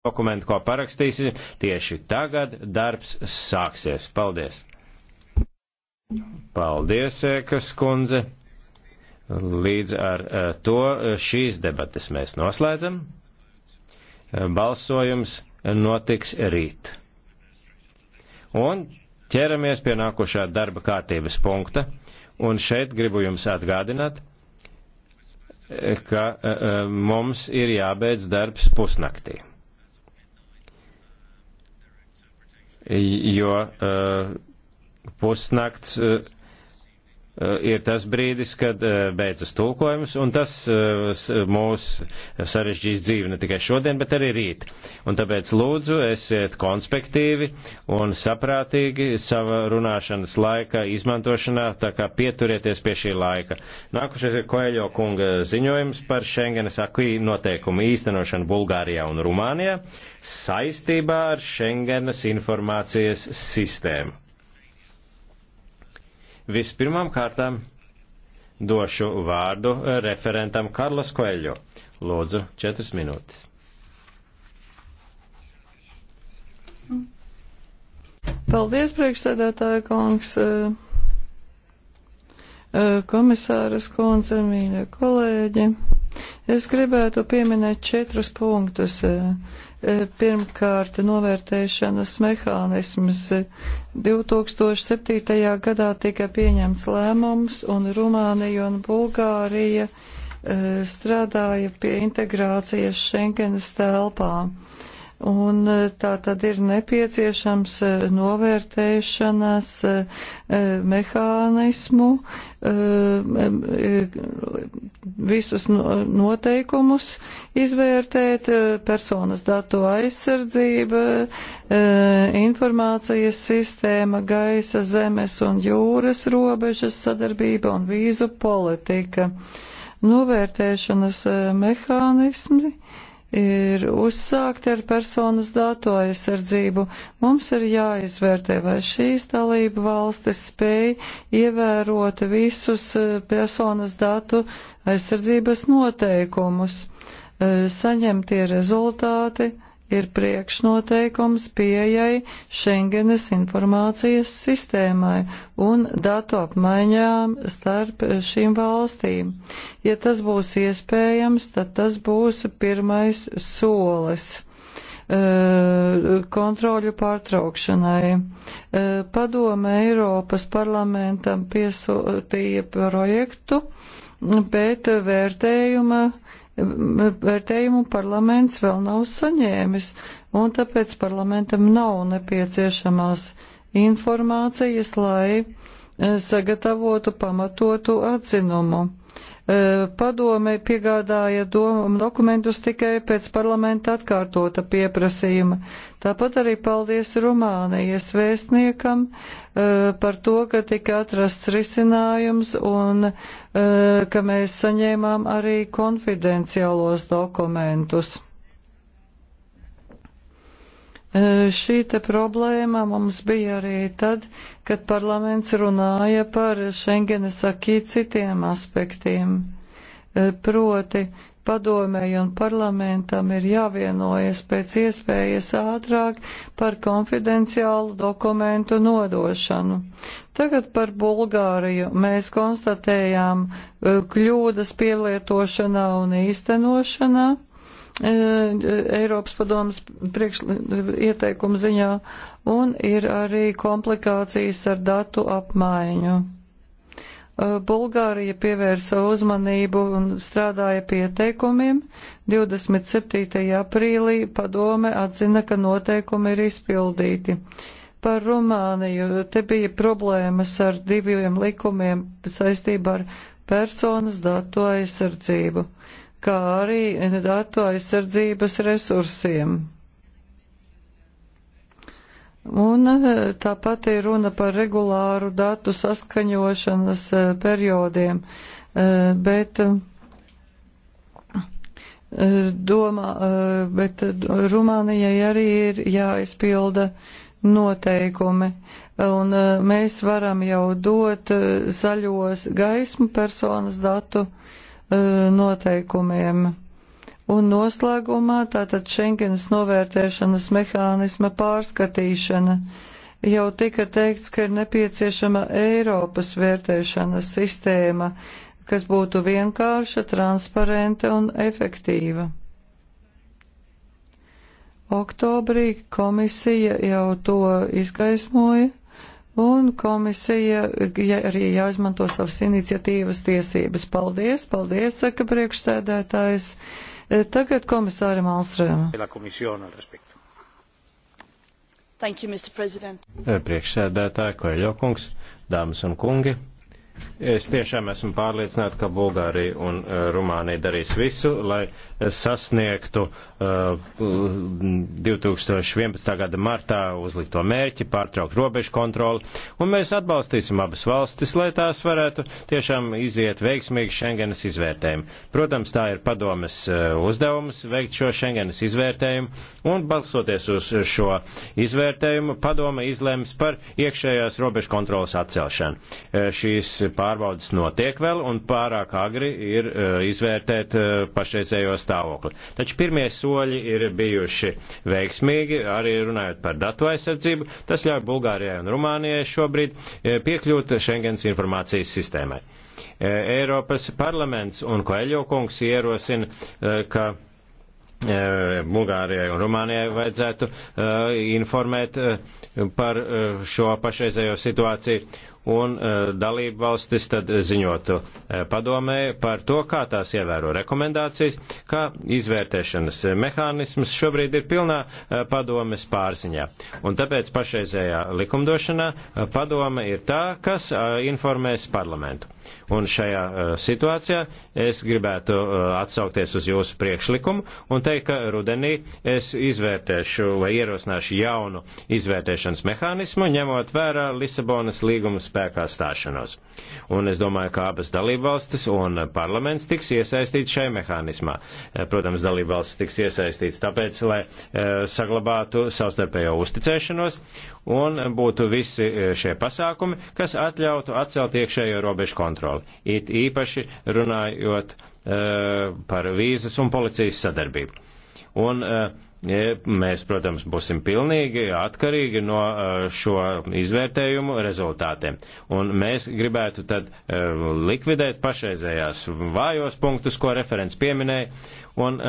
dokumentu, ko parakstīsim, tieši tagad darbs sāksies. Paldies! Paldies, Ekas kundze! Līdz ar eh, to eh, šīs debates mēs noslēdzam. Eh, balsojums notiks rīt. Un ķeramies pie nākošā darba kārtības punkta. Un šeit gribu jums atgādināt, ka mums ir jābeidz darbs pusnaktī. jo eh, pusnakts eh, Eh, ir tas brīdis, kad eh, beidzas tulkojums, un tas eh, mūs sarežģīs dzīvi ne tikai šodien, bet arī rīt. Un tāpēc lūdzu, esiet konspektīvi un saprātīgi sava runāšanas laika izmantošanā, tā kā pieturieties pie šī laika. Nākušais ir Koeļo kunga ziņojums par Schengenas akvī noteikumu īstenošanu Bulgārijā un Rumānijā saistībā ar Schengenas informācijas sistēmu. Vispirmām kārtām došu vārdu eh, referentam Karlos Koeļo. Lūdzu, četras minūtes. Paldies, priekšsēdētāja kungs, eh, eh, komisāras kundze, mīļie kolēģi. Es gribētu pieminēt četrus punktus. E, pirmkārt, novērtēšanas mehānisms. 2007. gadā tika pieņemts lēmums, un Rumānija un Bulgārija e, strādāja pie integrācijas Schengenas telpām un e, tā tad ir nepieciešams e, novērtēšanas e, mehānismu, visus noteikumus izvērtēt, personas datu aizsardzība, informācijas sistēma, gaisa, zemes un jūras robežas sadarbība un vīzu politika. Novērtēšanas mehānismi ir uzsākti ar personas datu aizsardzību. Mums ir jāizvērtē, vai šīs dalība valstis spēj ievērot visus eh, personas datu aizsardzības noteikumus, eh, saņemtie rezultāti ir priekšnoteikums pieejai Schengenes informācijas sistēmai un datu apmaiņām starp šīm valstīm. Ja tas būs iespējams, tad tas būs pirmais solis e, kontroļu pārtraukšanai. E, padome Eiropas parlamentam piesūtīja projektu, bet vērtējuma uh, vērtējumu parlaments vēl nav saņēmis, un tāpēc parlamentam nav nepieciešamās informācijas, lai eh, sagatavotu pamatotu atzinumu. Padome piegādāja dokumentus tikai pēc parlamenta atkārtota pieprasījuma. Tāpat arī paldies Rumānijas vēstniekam par to, ka tika atrasts risinājums un ka mēs saņēmām arī konfidenciālos dokumentus. Šī te problēma mums bija arī tad, kad parlaments runāja par Schengenes akī citiem aspektiem. Proti, padomēji un parlamentam ir jāvienojas pēc iespējas ātrāk par konfidenciālu dokumentu nodošanu. Tagad par Bulgāriju mēs konstatējām kļūdas pielietošanā un īstenošanā Eh, Eiropas padomas ieteikumu ziņā, un ir arī komplikācijas ar datu apmaiņu. Eh, Bulgārija pievērsa uzmanību un strādāja pie teikumiem. 27. aprīlī padome atzina, ka noteikumi ir izpildīti. Par Rumāniju te bija problēmas ar diviem likumiem saistībā ar personas datu aizsardzību kā arī datu aizsardzības resursiem. Un eh, tāpat ir runa par regulāru datu saskaņošanas eh, periodiem, eh, bet domā, bet Rumānijai arī ir jāizpilda noteikumi. Un mēs varam jau dot zaļos gaismu personas datu E, noteikumiem. Un noslēgumā tātad Schengenas novērtēšanas mehānisma pārskatīšana. Jau tika teikts, ka ir nepieciešama Eiropas vērtēšanas sistēma, kas būtu vienkārša, transparenta un efektīva. Oktobrī komisija jau to izgaismoja un komisija ja arī jāizmanto savas iniciatīvas tiesības. Paldies, paldies, saka priekšsēdētājs. E, tagad komisāram Alstrēm. E, priekšsēdētāji, Koeļokungs, dāmas un kungi. Es tiešām esmu pārliecināta, ka Bulgārija un e, Rumānija darīs visu, lai sasniegtu uh, e, 2011. gada martā uzlikto mērķi, pārtraukt robežu kontroli, un mēs atbalstīsim abas valstis, lai tās varētu tiešām iziet veiksmīgi Schengenas izvērtējumu. Protams, tā ir padomes e, uzdevums veikt šo Schengenas izvērtējumu, un balstoties uz šo izvērtējumu, padome izlems par iekšējās robežu kontrolas atcelšanu. Šīs pārbaudas notiek vēl un pārāk agri ir e, izvērtēt e, pašreizējo stāvokli. Taču pirmie soļi ir bijuši veiksmīgi, arī runājot par datu aizsardzību. Tas ļauj Bulgārijai un Rumānijai šobrīd e, piekļūt Schengens informācijas sistēmai. Eiropas parlaments un Koeļokungs ierosina, ka Eh, Bulgārijai un Rumānijai vajadzētu eh, informēt eh, par šo pašreizējo situāciju un dalību valstis tad ziņotu padomē par to, kā tās ievēro rekomendācijas, kā izvērtēšanas mehānisms šobrīd ir pilnā padomes pārziņā. Un tāpēc pašreizējā likumdošanā padome ir tā, kas informēs parlamentu. Un šajā eh, situācijā es gribētu eh, atsaukties uz jūsu priekšlikumu un teikt, ka rudenī es izvērtēšu vai ierosināšu jaunu izvērtēšanas mehānismu, ņemot vērā Lisabonas līguma spēkā stāšanos. Un es domāju, ka abas dalībvalstis un parlaments tiks iesaistīts šai mehānismā. Eh, protams, dalībvalstis tiks iesaistīts tāpēc, lai saglabātu savstarpējo uzticēšanos un būtu visi šie pasākumi, kas atļautu atcelt iekšējo robežu kontroli kontroli. It īpaši runājot eh, par vīzas un policijas sadarbību. Un eh, e, mēs, protams, būsim pilnīgi atkarīgi no eh, šo izvērtējumu rezultātiem. Un mēs gribētu tad likvidēt pašreizējās vājos punktus, ko referents pieminēja, un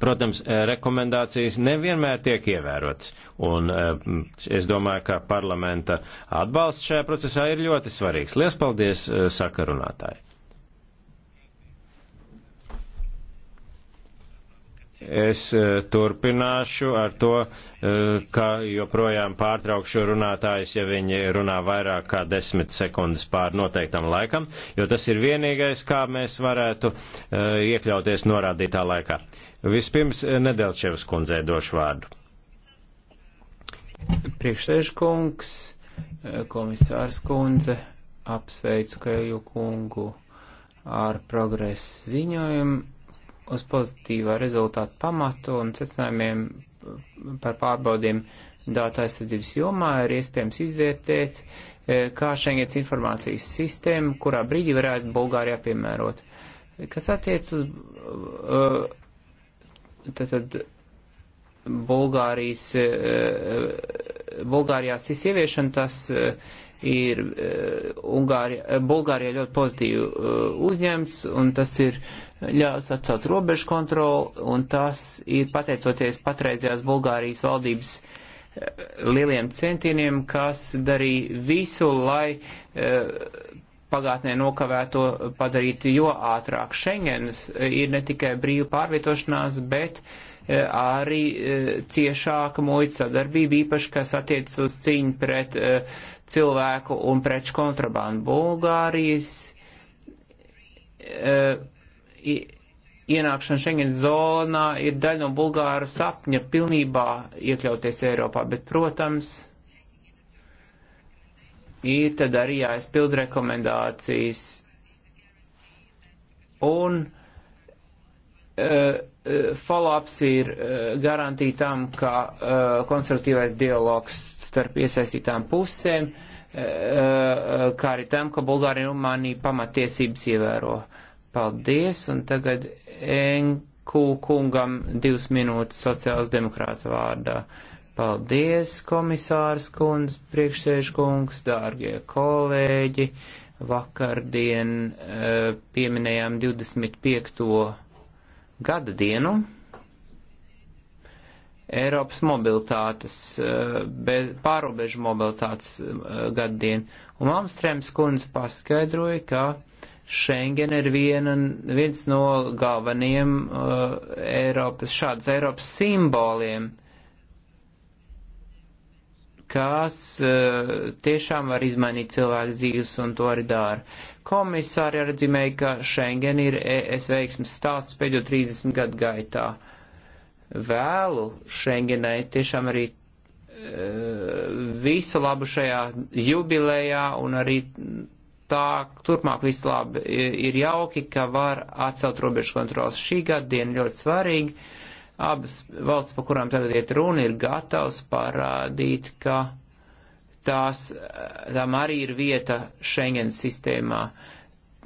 Protams, eh, rekomendācijas nevienmēr tiek ievērotas, un eh, es domāju, ka parlamenta atbalsts šajā procesā ir ļoti svarīgs. Lielas paldies eh, sakarunātāji! Es turpināšu ar to, ka joprojām pārtraukšu runātājus, ja viņi runā vairāk kā desmit sekundes pār noteiktam laikam, jo tas ir vienīgais, kā mēs varētu iekļauties norādītā laikā. Vispirms eh, Nedelčevas kundzei došu vārdu. Priekšsēžkungs, eh, komisārs kundze, apsveicu Kēju kungu ar progresu ziņojumu uz pozitīvā rezultātu pamatu un secinājumiem par pārbaudiem datu aizsardzības jomā ir iespējams izvērtēt, eh, kā Schengens informācijas sistēma, kurā brīdī varētu Bulgārijā piemērot. Kas attiec uz uh, Tātad Bulgārijas, e, e, Bulgārijā SIS ieviešana tas e, ir Ungārija, Bulgārija ļoti pozitīvi uzņemts un tas ir ļās atcelt robežu kontroli un tas ir pateicoties patreizējās Bulgārijas valdības lieliem centieniem, kas darīja visu, lai pagātnē nokavēto padarīt jo ātrāk. Schengens e, ir ne tikai brīva pārvietošanās, bet e, arī e, ciešāka muitas sadarbība, īpaši, kas attiecas uz cīņu pret cilvēku un preču kontrabandu. Bulgārijas ienākšana Schengens zonā ir daļa no Bulgāru sapņa pilnībā iekļauties Eiropā, bet, protams, ir tad arī jāizpild rekomendācijas. Un uh, follow-ups ir eh, garantīja tam, ka uh, konstruktīvais dialogs starp iesaistītām pusēm, uh, kā arī tam, ka Bulgārija un Rumānija pamatiesības ievēro. Paldies, un tagad Enku kungam divas minūtes sociāls demokrāta vārdā. Uh, Paldies, komisārs kundz, priekšsēžkungs, dārgie kolēģi. Vakardien eh, pieminējām 25. gada dienu Eiropas mobilitātes, eh, pārobežu mobilitātes eh, gaddienu. Un Amstrēms kundze paskaidroja, ka Schengen ir viena, viens no galveniem uh, Eiropas, šādas Eiropas simboliem kas eh, tiešām var izmainīt cilvēku dzīves un to arī dara. Komisāri arī dzimēja, ka Schengen ir ES veiksmes stāsts pēdējo 30 gadu gaitā. Vēlu Schengenai tiešām arī eh, visu labu šajā jubilejā un arī tā turpmāk visu labi. Ir jauki, ka var atcelt robežu kontrolas. Šī gada diena ļoti svarīga Abas valsts, pa kurām tagad iet runa, ir gatavs parādīt, ka tās, tām arī ir vieta Schengen sistēmā.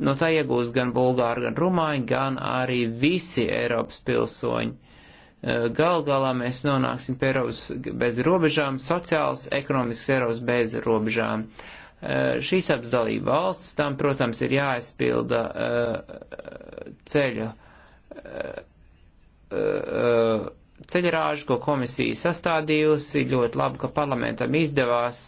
No tā iegūs gan Bulgāri, gan Rumāņi, gan arī visi Eiropas pilsoņi. Gal galā mēs nonāksim pie Eiropas bez robežām, sociāls, ekonomisks Eiropas bez robežām. Šīs apdalība valsts, tam, protams, ir jāaizpilda eh, ceļa eh, ceļrāžu, ko komisija sastādījusi. Ļoti labi, ka parlamentam izdevās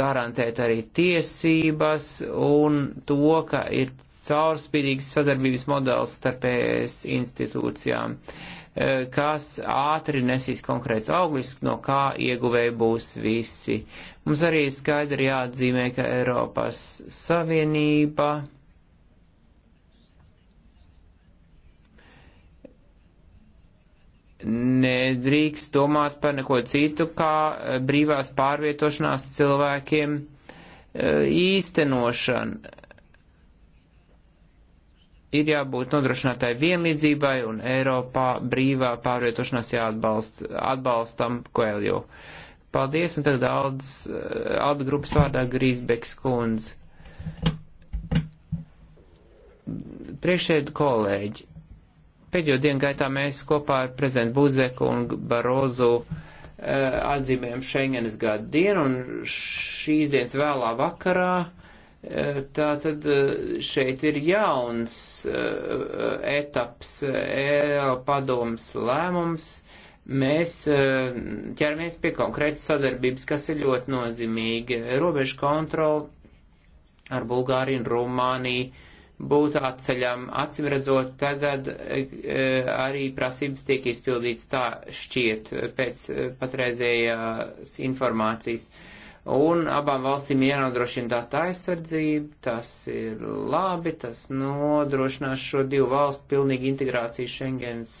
garantēt arī tiesības un to, ka ir caurspīdīgs sadarbības modelis starp ES institūcijām, e, kas ātri nesīs konkrēts auglis, no kā ieguvēji būs visi. Mums arī skaidri jāatzīmē, ka Eiropas Savienība nedrīkst domāt par neko citu, kā eh, brīvās pārvietošanās cilvēkiem eh, īstenošana. Ir jābūt nodrošinātai vienlīdzībai un Eiropā brīvā pārvietošanās jāatbalst, atbalstam Koeljo. Paldies, un tagad eh, Alda grupas vārdā Grīsbeks kundze. Priekšēd kolēģi Pēdējo dienu gaitā mēs kopā ar prezidentu Buzeku un Barozu eh, atzīmējam Schengenes gadu dienu un šīs dienas vēlā vakarā. Eh, tā tad eh, šeit ir jauns etaps, padoms lēmums. Mēs ķeramies pie konkrētas sadarbības, kas ir ļoti nozīmīga. Robežu kontrola ar Bulgāriju un Rumāniju būtu atceļam. Acim redzot, tagad e, e, arī prasības tiek izpildīts tā šķiet pēc e, patreizējās informācijas. Un abām valstīm jānodrošina tā aizsardzība, tas ir labi, tas nodrošinās šo divu valstu pilnīgu integrāciju Schengens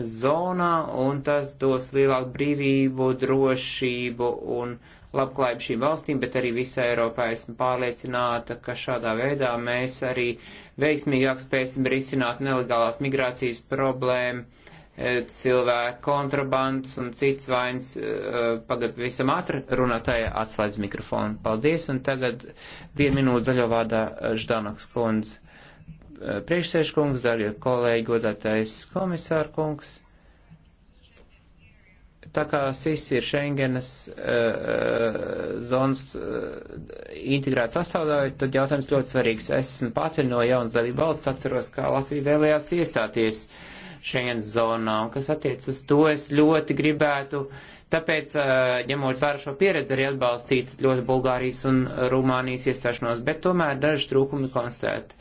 zonā, un tas dos lielāku brīvību, drošību un labklājību šīm valstīm, bet arī visā Eiropā esmu pārliecināta, ka šādā veidā mēs arī veiksmīgāk spēsim risināt nelegālās migrācijas problēmu, e, cilvēku kontrabandas un cits vains. E, Pagad visam ātri runātāja atslēdz mikrofonu. Paldies, un tagad vienu minūtu zaļo vārdā Ždanoks kundze. Eh, priekšsēžkungs, darbie kolēģi, godātais komisārkungs. Tā kā SIS ir Schengenas uh, zonas uh, integrēta sastāvdaļa, tad jautājums ļoti svarīgs. Esmu pati no jaunas dalība valsts, atceros, kā Latvija vēlējās iestāties Schengenas zonā, un kas attiec uz to, es ļoti gribētu uh, Tāpēc, ņemot vērā šo pieredzi, arī atbalstīt ļoti Bulgārijas un Rumānijas iestāšanos, bet tomēr daži trūkumi konstatēt.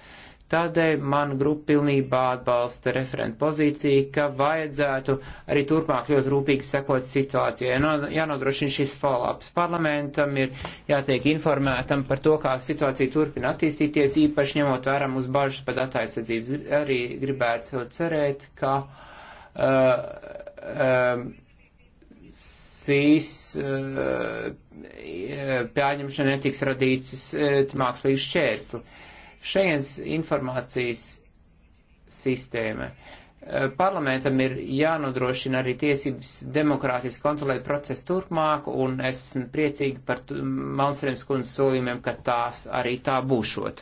Tādēļ man grupa pilnībā atbalsta referentu pozīciju, ka vajadzētu arī turpmāk ļoti rūpīgi sekot situācijai. No, jānodrošina šis follow-ups. Parlamentam ir jātiek informētam par to, kā situācija turpina attīstīties, īpaši ņemot vērā mūsu bažas par datu aizsardzības. Arī gribētu cerēt, ka. Uh, um, uh, šīs uh, pieņemšana netiks radīts uh, mākslīgs šķērsli. Uh, Šajienas informācijas sistēma. Eh, parlamentam ir jānodrošina arī tiesības demokrātiski kontrolēt procesu turpmāk, un esmu priecīgi par Malmstrēms kundzes solījumiem, ka tās arī tā būšot.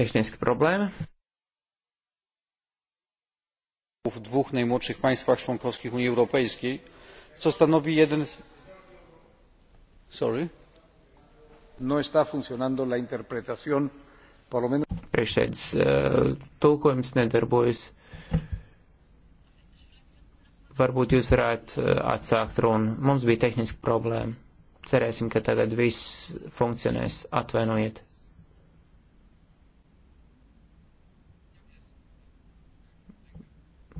Tehniska problēma w dwóch najmłodszych państwach członkowskich unii europejskiej co stanowi jeden z Priekšsēdz, eh, tulkojums nedarbojas. Varbūt jūs varētu eh, atsākt runu. Mums bija tehniska problēma. Cerēsim, ka tagad viss funkcionēs. Atvainojiet.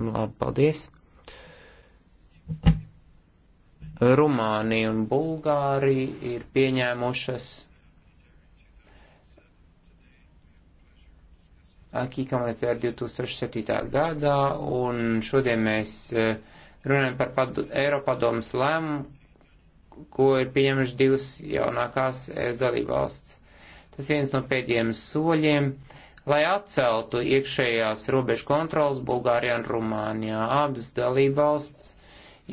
Labi, paldies. Rumānija un Bulgārija ir pieņēmušas akī komunitēr 2007. gadā, un šodien mēs eh, runājam par padu, Eiropadomas lēmumu, ko ir pieņemuši divas jaunākās ES dalībvalsts. Tas viens no pēdējiem soļiem lai atceltu iekšējās robežu kontrolas Bulgārijā un Rumānijā. Abas dalība valsts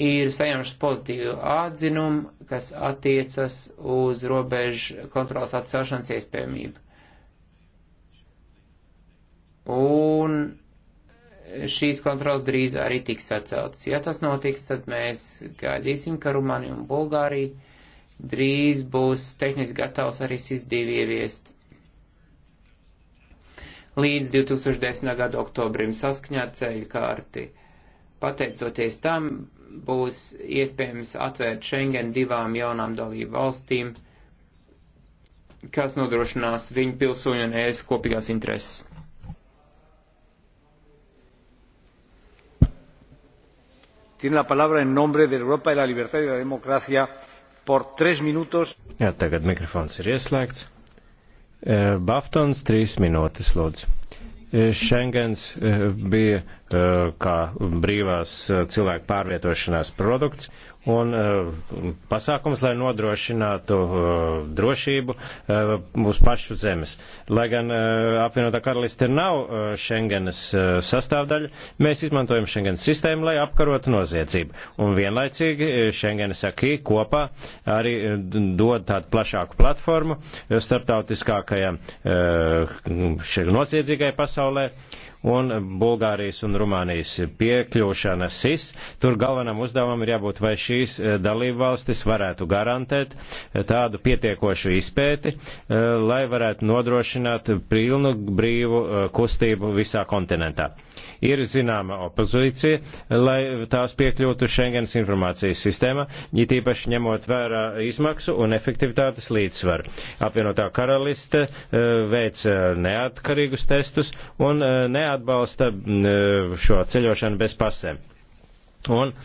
ir saņemšas pozitīvu atzinumu, kas attiecas uz robežu kontrolas atcelšanas iespējamību. Un šīs kontrolas drīz arī tiks atceltas. Ja tas notiks, tad mēs gaidīsim, ka Rumānija un Bulgārija drīz būs tehniski gatavs arī SIS-2 ieviest līdz 2010. gada oktobrim saskaņā ar ceļu kārti. Pateicoties tam, būs iespējams atvērt Schengen divām jaunām dalību valstīm, kas nodrošinās viņu pilsoņu un ēs kopīgās intereses. tiene la palabra en nombre de Europa y la Libertad y la Democracia por tres minutos. Jā, tagad mikrofons ir ieslēgts. Eh, Baftons, trīs minūtes, lūdzu. Šengens eh, eh, bija kā brīvās cilvēku pārvietošanās produkts, un eh, pasākums, lai nodrošinātu eh, drošību mūsu eh, pašu zemes. Lai gan apvienotā karaliste nav Schengenas sastāvdaļa, mēs izmantojam Schengenas sistēmu, lai apkarotu noziedzību. Un vienlaicīgi Schengenas akī kopā arī dod tādu plašāku platformu starptautiskākajai noziedzīgai pasaulē un Bulgārijas un Rumānijas piekļūšana SIS. Tur galvenam uzdevumam ir jābūt, vai šīs eh, dalībvalstis varētu garantēt eh, tādu pietiekošu izpēti, eh, lai varētu nodrošināt pilnu brīvu kustību visā kontinentā. Ir zināma opozīcija, lai tās piekļūtu Schengens informācijas sistēma, it īpaši ņemot vērā izmaksu un efektivitātes līdzsvaru. Apvienotā karaliste veic neatkarīgus testus un neatkarīgus atbalsta mm, e, šo ceļošanu bez pasēm. Un e,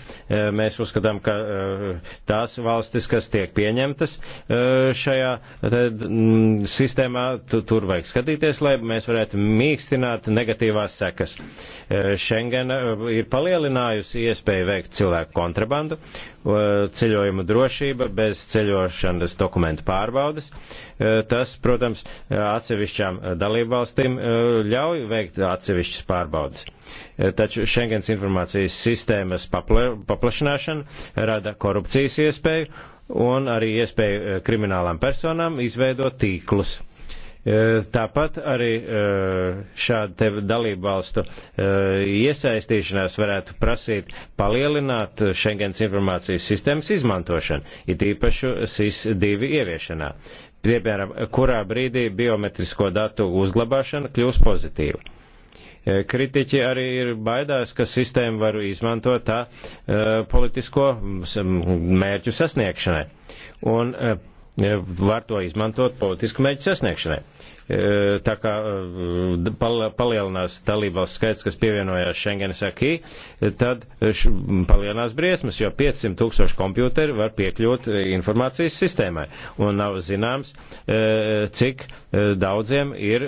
mēs uzskatām, ka e, tās valstis, kas tiek pieņemtas šajā mm, sistēmā, tur vajag skatīties, lai mēs varētu mīkstināt negatīvās sekas. Schengen ir palielinājusi iespēju veikt cilvēku kontrabandu, ceļojuma drošība bez ceļošanas dokumentu pārbaudas. Tas, protams, atsevišķām dalībvalstīm ļauj veikt atsevišķas pārbaudas. Taču Schengens informācijas sistēmas paplašināšana rada korupcijas iespēju un arī iespēju kriminālām personām izveidot tīklus E, tāpat arī e, šāda te dalību valstu e, iesaistīšanās varētu prasīt palielināt Schengens informācijas sistēmas izmantošanu, it īpaši SIS-2 ieviešanā, piemēram, kurā brīdī biometrisko datu uzglabāšana kļūs pozitīva. Kritiķi arī ir baidās, ka sistēmu var izmantot tā politisko mērķu sasniegšanai. Un var to izmantot politisku mērķu sasniegšanai. E, tā kā e, palielinās dalībvalsts skaits, kas pievienojās Schengenes akī, e, tad palielinās briesmas, jo 500 tūkstoši kompjūteri var piekļūt informācijas sistēmai. Un nav zināms, cik daudziem ir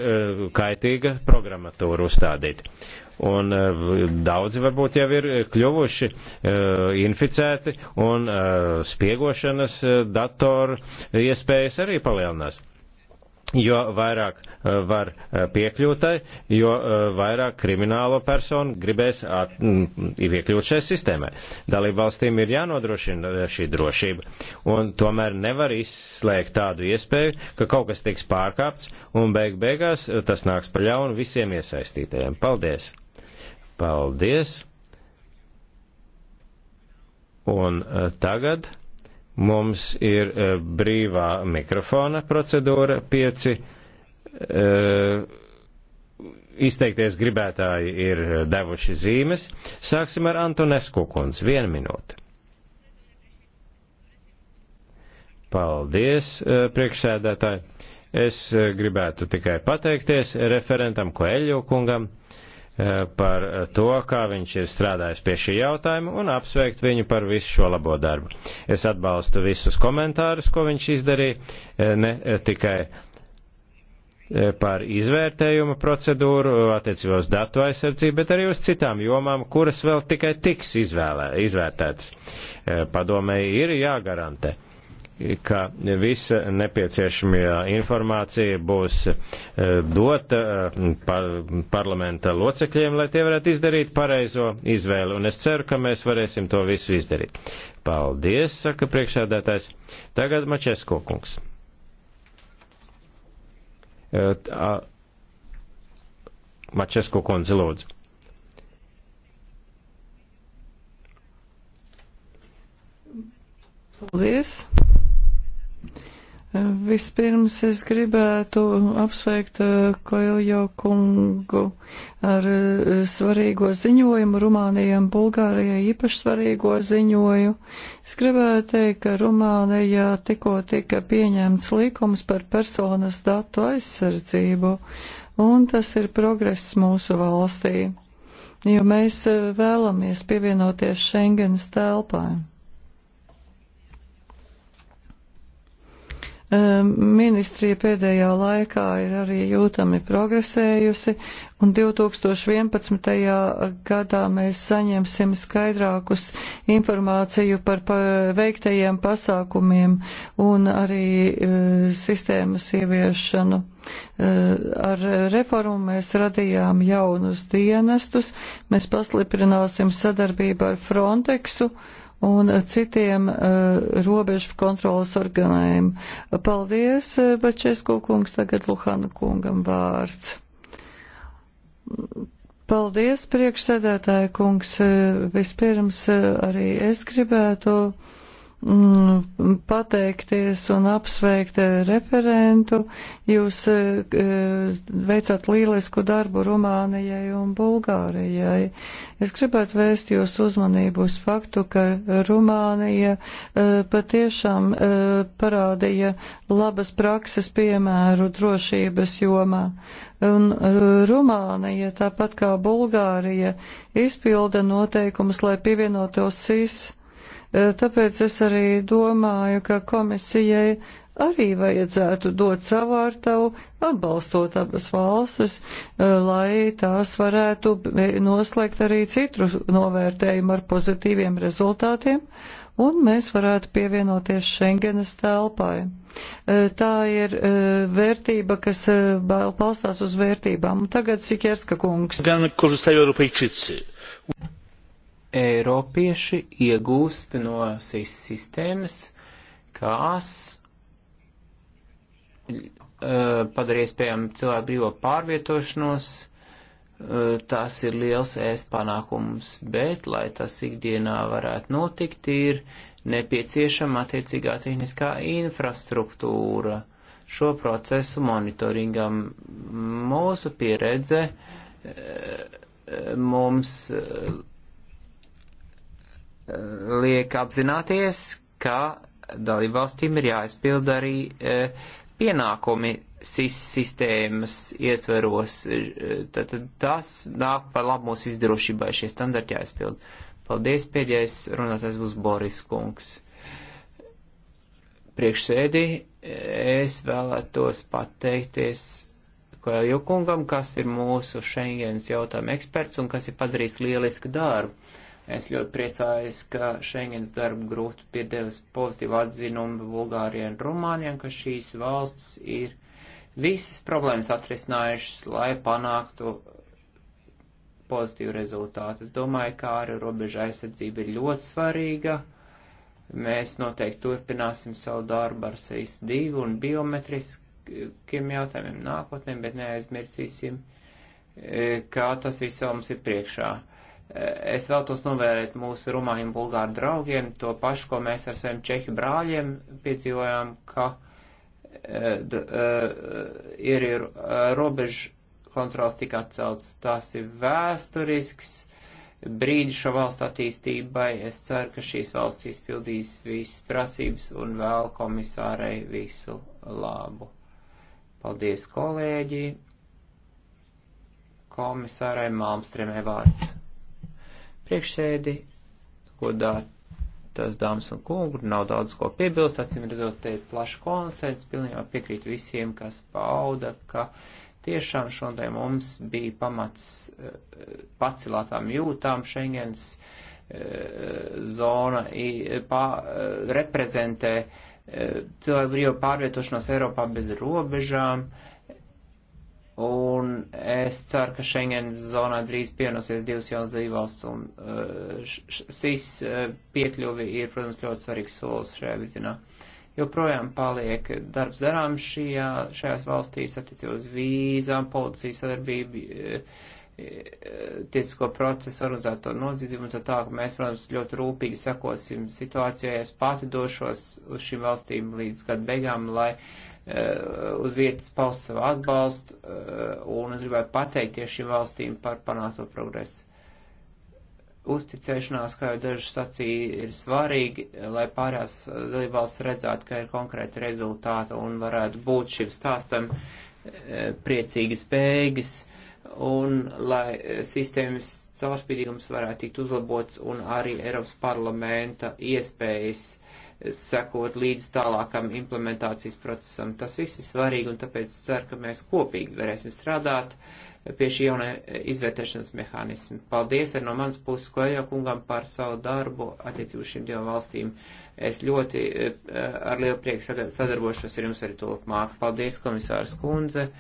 kaitīga programmatūra uzstādīta un eh, daudzi varbūt jau ir kļuvuši eh, inficēti, un eh, spiegošanas datoru iespējas arī palielinās jo vairāk var piekļūtai, jo vairāk kriminālo personu gribēs at, iekļūt šai sistēmai. Dalību valstīm ir jānodrošina šī drošība, un tomēr nevar izslēgt tādu iespēju, ka kaut kas tiks pārkāpts, un beig beigās tas nāks par ļaunu visiem iesaistītajiem. Paldies! Paldies! Un e, tagad mums ir e, brīvā mikrofona procedūra. Pieci e, izteikties gribētāji ir devuši zīmes. Sāksim ar Antonesku kundz. Vienu minūti. Paldies, priekšsēdētāji. Es gribētu tikai pateikties referentam Koeļo kungam Eh, par to, kā viņš ir strādājis pie šī jautājuma un apsveikt viņu par visu šo labo darbu. Es atbalstu visus komentārus, ko viņš izdarīja, eh, ne eh, tikai par izvērtējuma procedūru attiecībā uz datu aizsardzību, bet arī uz citām jomām, kuras vēl tikai tiks izvēlē, izvērtētas. Padomēji ir jāgarantē ka visa nepieciešamajā informācija būs eh, dota eh, par parlamenta locekļiem, lai tie varētu izdarīt pareizo izvēli, un es ceru, ka mēs varēsim to visu izdarīt. Paldies, saka priekšādātājs. Tagad Mačesko kungs. Eh, Mačesko kundze lūdzu. Paldies. Vispirms es gribētu apsveikt eh, Koiljo kungu ar eh, svarīgo ziņojumu Rumānijai un Bulgārijai īpaši svarīgo ziņoju. Es gribētu teikt, ka Rumānijā tikko tika pieņemts likums par personas datu aizsardzību, un tas ir progress mūsu valstī, jo mēs eh, vēlamies pievienoties Schengens telpām. Ehm, ministrija pēdējā laikā ir arī jūtami progresējusi, un 2011. gadā mēs saņemsim skaidrākus informāciju par veiktajiem pasākumiem un arī eh, sistēmas ieviešanu. Eh, ar reformu mēs radījām jaunus dienestus, mēs pastiprināsim sadarbību ar Frontexu, uh, un citiem uh, robežu kontrolas organiem. Paldies, uh, Bačesko kungs, tagad Luhana kungam vārds. Paldies, priekšsēdētāja kungs. Uh, vispirms arī es gribētu Mm, pateikties un apsveikt referentu. Jūs eh, veicāt lielisku darbu Rumānijai un Bulgārijai. Es gribētu vēst jūs uzmanību uz faktu, ka Rumānija eh, patiešām eh, parādīja labas prakses piemēru drošības jomā. Un Rumānija, tāpat kā Bulgārija, izpilda noteikumus, lai pievienotos SIS E, tāpēc es arī domāju, ka komisijai arī vajadzētu dot savu ārtavu, atbalstot abas valstis, e, lai tās varētu noslēgt arī citu novērtējumu ar pozitīviem rezultātiem, un mēs varētu pievienoties Schengenas telpai. E, tā ir vērtība, kas balstās uz vērtībām. Tagad Sikerska kungs. Gan, Eiropieši iegūst no SIS sistēmas, kas eh, padarīja iespējami cilvēku brīvo pārvietošanos, eh, tas ir liels ēst panākums, bet, lai tas ikdienā varētu notikt, ir nepieciešama attiecīgā tehniskā infrastruktūra šo procesu monitoringam. Mūsu pieredze eh, mums Eh, liek apzināties, ka dalībvalstīm ir jāizpilda arī eh, pienākumi SIS sistēmas ietveros. Eh, tad tas nāk par labu mūsu izdrošībai, šie standarti jāizpild. Paldies, pēdējais runātājs būs Boris Kungs. Priekšsēdī es vēlētos pateikties Koelju kungam, kas ir mūsu Schengens jautājuma eksperts un kas ir padarījis lielisku darbu Es ļoti priecājos, ka Schengens darba grūti ir devis pozitīvu atzinumu Bulgārijai un Rumānijai, ka šīs valstis ir visas problēmas atrisinājušas, lai panāktu pozitīvu rezultātu. Es domāju, ka arī robeža aizsardzība ir ļoti svarīga. Mēs noteikti turpināsim savu darbu ar SIS-2 un biometriskiem jautājumiem nākotnē, bet neaizmirsīsim, e, kā tas viss vēl mums ir priekšā. Es vēlos novērēt mūsu rumāņu un bulgāru draugiem to pašu, ko mēs ar saviem čehu brāļiem piedzīvojām, ka e, e, ir, ir e, robežu kontrols tik atcelts. Tas ir vēsturisks brīdis šo valstu attīstībai. Es ceru, ka šīs valsts izpildīs visas prasības un vēl komisārai visu labu. Paldies, kolēģi! Komisārai Malmstrēmē vārds priekšsēdi, godātas dāmas un kungu, nav daudz ko piebilst, acīm redzot, te ir plašs konsens, pilnībā piekrīt visiem, kas pauda, ka tiešām šodien mums bija pamats eh, pacilātām jūtām Schengens eh, zona pā, eh, reprezentē cilvēku brīvo pārvietošanos Eiropā bez robežām. Uh, Un es ceru, ka Schengen zonā drīz pienosies divas jaunas dalībvalsts, un uh, SIS uh, piekļuvi ir, protams, ļoti svarīgs solis šajā virzienā. Joprojām paliek darbs darām šajā, šajās valstīs attiecībā uz vīzām, policijas sadarbību. Uh, tiesisko procesu, organizēto nodzīdzību un tā tā, ka mēs, protams, ļoti rūpīgi sekosim situācijai. Es pati došos uz šīm valstīm līdz gada beigām, lai Eh, uz vietas paust savu atbalstu eh, un es gribētu pateikties šīm valstīm par panāto progresu. Uzticēšanās, kā jau daži sacīja, ir svarīgi, lai pārējās dalībvalsts redzētu, ka ir konkrēti rezultāti un varētu būt šim stāstam eh, priecīgas beigas un lai sistēmas caurspīdīgums varētu tikt uzlabots un arī Eiropas parlamenta iespējas sekot līdz tālākam implementācijas procesam. Tas viss ir svarīgi un tāpēc ceru, ka mēs kopīgi varēsim strādāt pie šī jaunā izvērtēšanas mehānisma. Paldies arī no manas puses Koejo kungam par savu darbu attiecību šīm divām valstīm. Es ļoti eh, ar lielu prieku sadarbošos ar jums arī tulpmāk. Paldies, komisārs Kundze.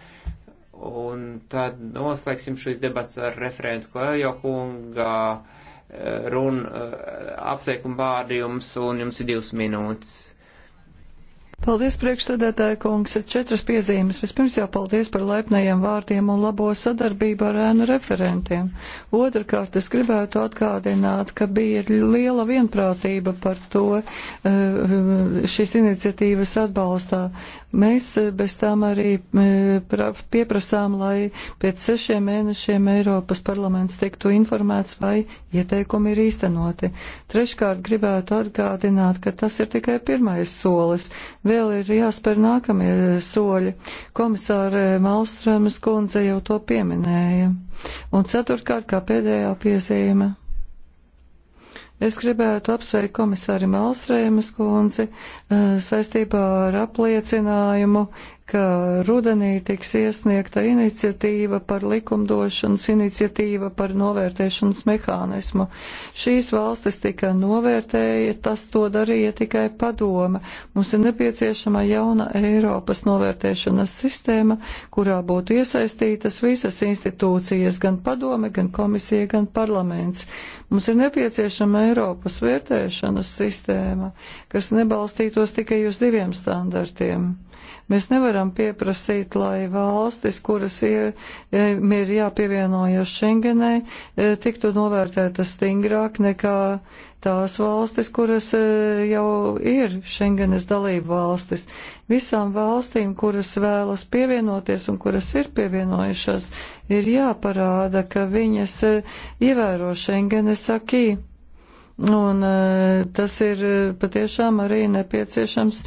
Un tad noslēgsim šīs debats ar referentu Koejo kungā runu, eh, apsveikumu vārdu jums, un jums ir divas minūtes. Paldies, priekšsēdētāja kungs. Četras piezīmes. Vispirms jau paldies par laipnajiem vārdiem un labo sadarbību ar ēnu referentiem. Otrakārt, es gribētu atgādināt, ka bija liela vienprātība par to eh, šīs iniciatīvas atbalstā. Mēs eh, bez tām arī eh, pieprasām, lai pēc sešiem mēnešiem Eiropas parlaments tiktu informēts, vai ieteikumi ir īstenoti. Treškārt gribētu atgādināt, ka tas ir tikai pirmais solis. Vēl ir jāspēr nākamie eh, soļi. Komisāra Malstrēmas kundze jau to pieminēja. Un ceturkārt, kā pēdējā piezīme Es gribētu apsveikt komisāri Malstrēmas kundzi eh, saistībā ar apliecinājumu, ka rudenī tiks iesniegta iniciatīva par likumdošanas iniciatīva par novērtēšanas mehānismu. Šīs valstis tika novērtēja, tas to darīja tikai padome. Mums ir nepieciešama jauna Eiropas novērtēšanas sistēma, kurā būtu iesaistītas visas institūcijas, gan padome, gan komisija, gan parlaments. Mums ir nepieciešama Eiropas vērtēšanas sistēma, kas nebalstītos tikai uz diviem standartiem. Mēs nevaram pieprasīt, lai valstis, kuras ir jāpievienojas Schengenai, e, tiktu novērtētas stingrāk nekā tās valstis, kuras e, jau ir Schengenes dalību valstis. Visām valstīm, kuras vēlas pievienoties un kuras ir pievienojušās, ir jāparāda, ka viņas e, ievēro Schengenes akī. Un e, tas ir e, patiešām arī nepieciešams e,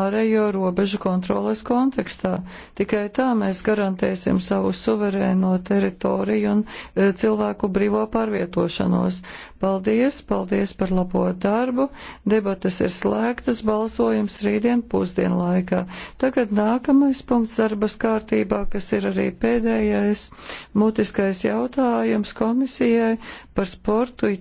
ārējo robežu kontroles kontekstā. Tikai tā mēs garantēsim savu suverēno teritoriju un cilvēku brīvo pārvietošanos. Paldies, paldies par labo darbu. Debates ir slēgtas, balsojums rītdien pusdienlaikā. Tagad nākamais punkts darbas kārtībā, kas ir arī pēdējais mutiskais jautājums komisijai par sportu.